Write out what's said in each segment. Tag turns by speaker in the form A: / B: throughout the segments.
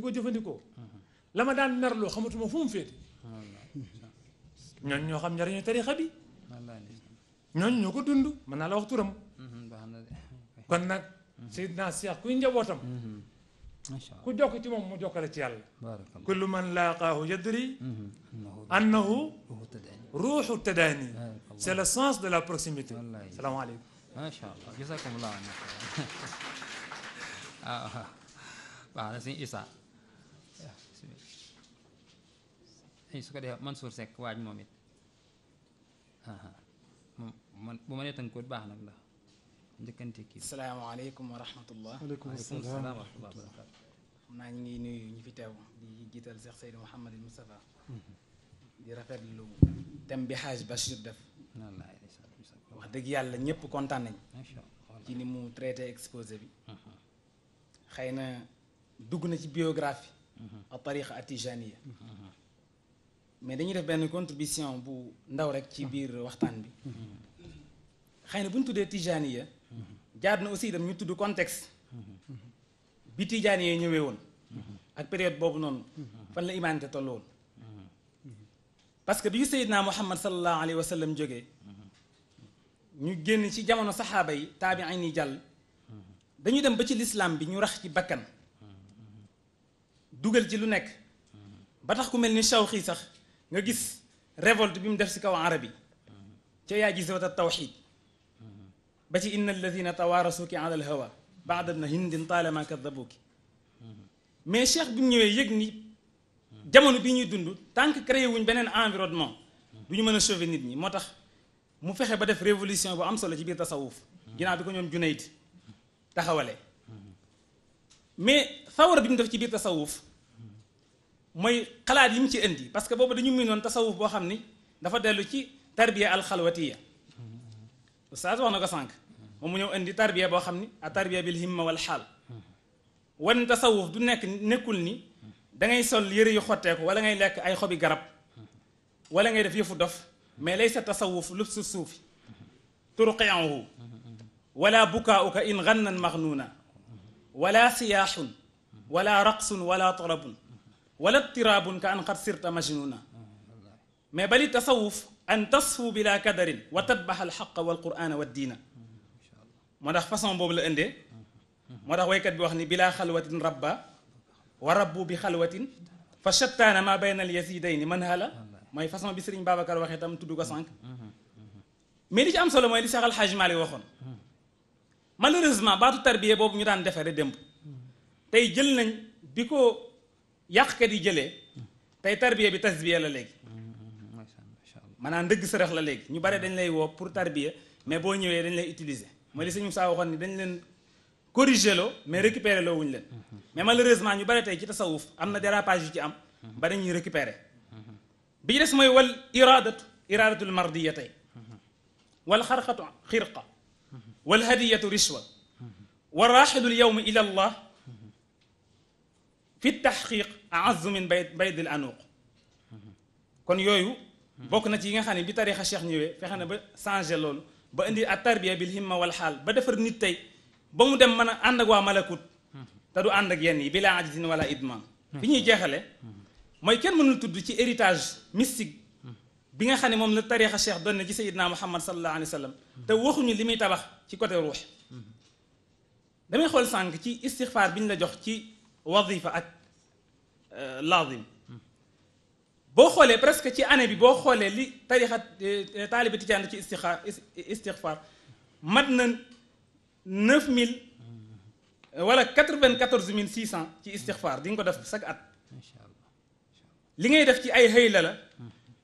A: di ko jëfandikoo la ma daan merloo xamatuma fu mu féete ñooñ ñoo xam njariñu tarixa bi ñooñ ñoo ko dund mën naa la wax turam kon nag sayidna Cheikh kuy njabootam ku jokk ci moom mu jokkale ci yàlla kullu man laaqaahu yadri annahu ruuxu tadaani c'est le sens de la proximité salaamaaleykum macha allah jazakumullah baax na sëñ Issa
B: su ko defee Mansour Seck waaj moom it
A: moom man bu ma nee tënkoot baax nag ndax njëkkante kii. salaamaaleykum wa rahmatullah. waaleykum salaam wa rahmatullah. xam naa ñu ngi nuyu ñu fi teew di jiital Cheikh Seydou Mouhamed Moustapha. di rafetlu thème bi Haj Bachir def. wax dëgg yàlla ñëpp kontaan nañ ci ni mu traité exposé bi. xëy na dugg na ci biographie. a tariqa atijaniya mais dañuy def benn contribution bu ndaw rek ci biir waxtaan bi xëy na bu ñu tuddee Tijaaniya jaar na aussi itam ñu tudd contexte bi tijaniya ñëwee woon ak période boobu noonu fan la imaanite toll woon parce que bi Seydina Muhammad sallallahu alayhi wa sallam jógee ñu génn ci jamono saxaaba yi taabiin yi jàll dañu dem ba ci lislaam bi ñu rax ci bakkan dugal ci lu nekk ba tax ku mel ni Shawqi sax nga gis révolte bi mu def ci kaw arabi ca yaa gis wata tawxid ba ci inna alladhina tawarasuki ala alhawa بعد ابن هند طالما كذبوك مي شيخ بيم نيوي ييغ ني جامونو بي ني دوندو تانك كريي وون بنين انفيرونمون دو ني مانا سوفي نيت ني موتاخ مو فخه با ديف ريفولوسيون بو ام سولو جي بير تصوف جينا بيكو نيوم جونيت تاخاوالي مي ثور بيم ديف جي بير تصوف moy xalaat yim ci indi parce que bobu dañu miinoon tasawuf bo xamni dafa delu ci tarbiya al alxalwatiya ustaas wax na ko sank mo mu ñëw indi tarbiya bo xamni a tarbiya bil himma wal hal wan tasawuf du nek nekul ni da ngay sol yëre yu xotte ko wala ngay lek ay xobi garab wala ngay def yëfu dof mais laysa tasawuf lubsu suufi turqianhu ولا بكاؤك إن gannan magnuuna ولا سياح ولا رقص ولا طرب ولا اضطراب كأن قد صرت مجنونا ما بل تصوف أن تصفو بلا كدر وتتبح الحق والقرآن والدين ما دخ فصم بوبل اندي ما دخ ويكت بوخني بلا خلوة ربا ورب بخلوة فشتان ما بين اليزيدين من هلا ما يفصم بسرين بابا كار وخي تام تدوغا سانك مي ليش ام سولو مي ليش خال حاج مالي وخون مالوريزمون باتو تربيه بوب ني دان ديفا ري ديمب تاي جيل نان بيكو yàqkat yi jëlee tey tarbiya bi tasbiya la léegi maanaam ndëgg sërëx la léegi ñu bare dañ lay woo pour tarbiya mais boo ñëwee dañ lay utiliser mooy li suñu saa waxoon ni dañ leen corriger loo mais récupérer loo wuñ leen mais malheureusement ñu bare tey ci tasawuf am dérapage ci am ba dañuy récupérer bi des mooy wal iradatu iradatul mardiya wal xarqatu xirqa wal hadiyatu rishwa wa raxilul yowm ila allah fi aazzu min bay baydil anuuq kon yooyu bokk na ci yi nga xam ne bi tarixa cheikh ñëwee fexe na ba changé loolu ba indi at tarbiya bil himma wal xaal ba defar nit tey ba mu dem mën a ànd ak waa malakut te du ànd ak yenn yi bilaa ajzin wala idman fi ñuy jeexale mooy kenn mënul tudd ci héritage mystique bi nga xam ne moom la tarixa cheikh doon na ci sayidna muhammad sallallahu alayhi wa sallam te waxuñu li muy tabax ci côté ruux damay xool sànq ci istixfaar bi ñu la jox ci wazifa ak لازم بوخولي برسك كذي أنا بيبخوله لي تاريخ آه، طالب تيجان كذي استخ استغفار مدن 9000 آه، ولا 44600 كذي استغفار دين قدر فسق أت لينه دفتي أي هاي لا لا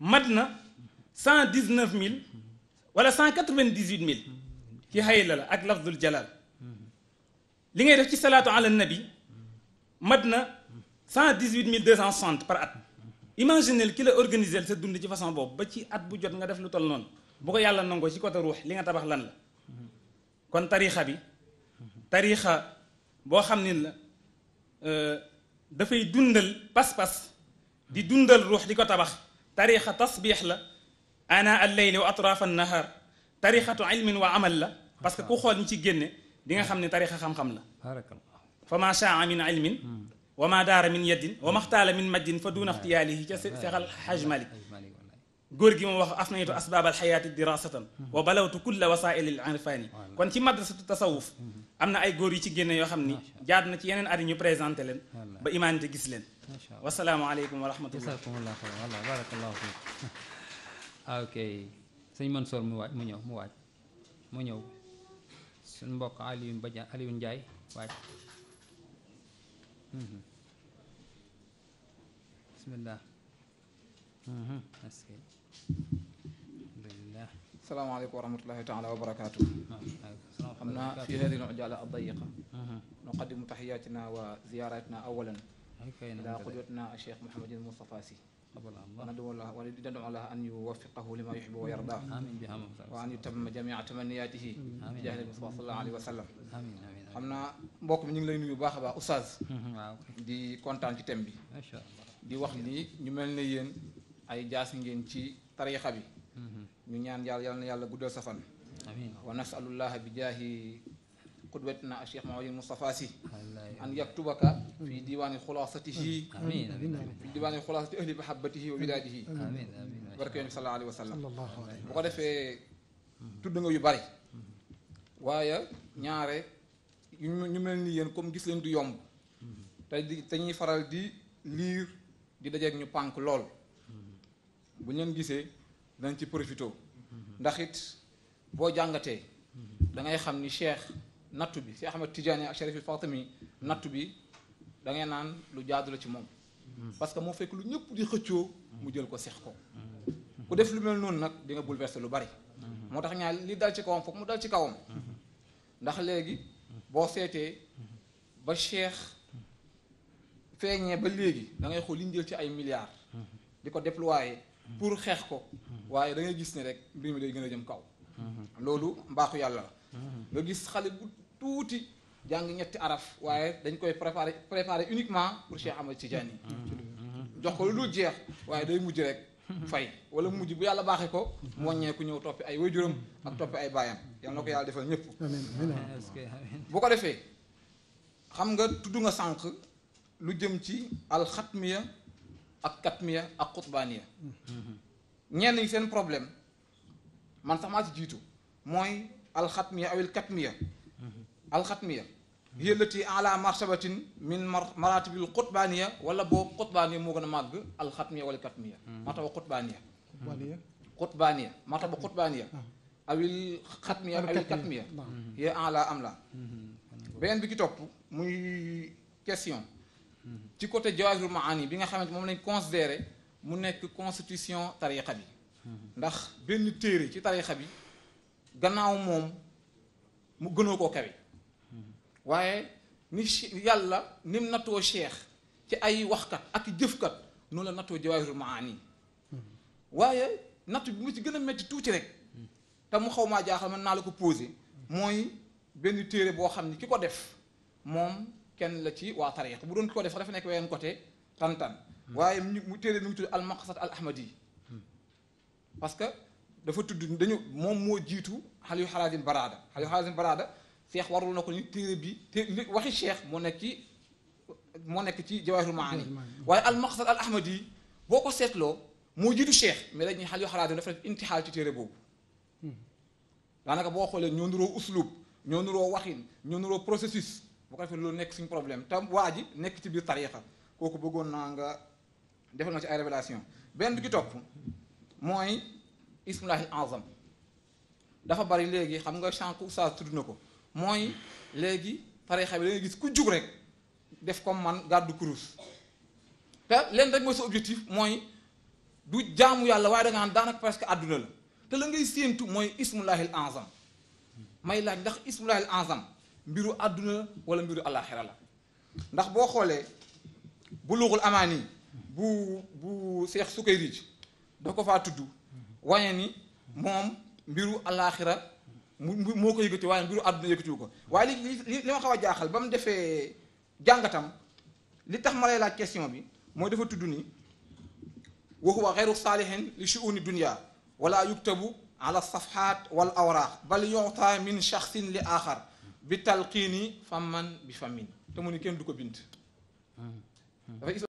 A: مدن 119000 ولا 198000 كي هاي لا لا أكلف ذو الجلال لينه دفتي صلاة على النبي مدن 118200 dix par at imaginel ki la organiser sa dund ci façon boobu ba ci at bu jot nga def lu toll noonu bu ko yàlla nangoo ci côté ruux li nga tabax lan la kon tariixa bi tariixa boo xam ne la dafay dundal pas-pas di dundal ruux di ko tabax la ana wa wa amal la parce que ku ñi ci génne di nga xam-xam la shaa min ilmin وما دار من يد وما اختال من مد فدون اختياله سغل حج مالك غورغي مو واخ افنيت اسباب الحياه دراسه وبلوت كل وسائل العرفان كون مدرسه التصوف امنا اي غوري سي ген يو خامني جادنا سي يينن ادي ني بريزانتي لين والسلام عليكم ورحمه الله جزاكم الله خير والله بارك الله فيك
B: آه، اوكي سي منصور مو واج مو مو نيو سن مبوك علي بن علي بن جاي Mm-hmm.
A: بسم الله اها اسكي
B: لله السلام عليكم ورحمه الله تعالى وبركاته
A: أمنا في هذه
B: العجاله الضيقه نقدم تحياتنا وزياراتنا اولا الى قدوتنا الشيخ محمد المصطفى سي قبل وندعو الله وندعو الله ان يوفقه لما يحب ويرضاه امين بهم وان يتم جميع تمنياته بجاه المصطفى صلى الله عليه وسلم امين امين xam naa mbokk mi ñu ngi lay nuyu bu baax a baax oustaz di kontaan di wax lii ñu mel ne yéen ay jaas ngeen ci tariixa bi mm-hmm. ñu ñaan yàlla yal na yàlla guddal sa fan wa nasalullaha bi jaahi qudwatina a cheikh mahamad moustapha si an yaktubaka fi diwaani xulaasatihi fi diwaani xulaasati ahli mahabbatihi wa wilaadihi barke yonent bi sallallahu alayhi wa sallam bu ko defee tudd nga yu bari mm-hmm. waaye ñaare ñu mel ni yéen comme gis leen du yomb mm-hmm. te di dañuy faral di liir di dajeeg ñu pànk lool bu leen gisee dañ ci profité ndax it boo jàngatee da ngay xam ni cheikh nattu bi Cheikh Ahmed Tidiane ak Chérif Fatimi nattu bi da ngay naan lu jaadu la ci moom parce que moo fekk lu ñëpp di xëccoo mu jël ko seex ko ku def lu mel noonu nag di nga bouleversé lu bari moo tax ñaar li dal ci kawam foog mu dal ci kawam ndax léegi boo seetee ba cheikh feeñee ba léegi da ngay xol li ñu jël ci ay milliards diko déployer pour xex ko waye da ngay gis ni rek mbir mi day gëna jëm kaw lolu mbaxu yalla la nga gis xale bu tuti jang ñetti araf waye dañ koy préparer préparer uniquement pour Cheikh amadou Tidiane jox ko lu jeex waye day mujj rek fay wala mujj bu yalla baxé ko moñé ku ñew topi ay wayjurum ak topi ay baayam yal na ko yàlla defal ñëpp bu ko defee xam nga tuddu nga sank lu jëm ci al khatmiya ak katmiya ak khutbaniya ñen ñi seen problème man sama ci jitu moy al هي التي أعلى مرتبة من مراتب القطبانية ولا بو قطبانية مو غنا ماغ ولا الكتمية مرتبة قطبانية قطبانية مرتبة قطبانية أو الختمية أو الكتمية هي أعلى أملا بين بكي مي كيسيون ci côté jawaazul maani bi nga xamante moom lañ considéré mu nekk constitution tarixa bi ndax benn téere ci tarixa bi gannaaw moom mu gënoo koo kawe waaye ni yàlla ni mu nattoo cheikh ci ay waxkat ak jëfkat noonu la nattoo jawaazul maani waaye natt bi mu ci gën a métti tuuti rek te mu xaw maa jaaxal man naa la ko posé mooy benn téere boo xam ne ki ko def moom كان لتي وطريق بدون كل فرق نك وين كتة تان تان واي مثير مثير المقصد الأحمدي بس كدفوت دنيو مم مو جيتو حليو حلازم برادة حليو حلازم برادة سيخ وارو نكون مثير بي وحي شيخ منكي منكي تي جواهر معاني واي المقصد الأحمدي بوكو سيتلو مو جيتو شيخ ملاني حليو حلازم نفرت انتحال تثير بوب لأنك بوكو لنيونرو أسلوب نيونرو وحين نيونرو بروسيس bu ko defee loolu nekk suñu problème tam waa ji nekk ci biir koo kooku bëggoon naa nga defal ma ci ay révélation benn bi ci topp mooy ismulahi azam dafa bari léegi xam nga sànq oustaz tudd ko mooy léegi tariixa bi da ngay gis ku jug rek def comme man gàddu kurus te leen rek mooy sa objectif mooy du jaamu yàlla waaye da nga naan daanaka presque àdduna la te la ngay séentu mooy ismulahil azam may laaj ndax ismulahil azam mbiru aduna wala mbiru alakhirah la ndax bo xolé bu luxul amaan bu bu cheikh soukayri da ko faa tudd waaye ni mom mbiru alakhirah mu moo ko yëkkati waaye mbiru aduna yëkkatiwu ko way li li li ma xaw a jaaxal ba mu jàngatam li tax ma lay laaj question bi moy dafa tuddu ni wa huwa ghayru salihin li shuuni dunya wala yuktabu على الصفحات والأوراق بل يعطى من شخص لآخر bi talqiini famman bi famin te mu ni kenn du ko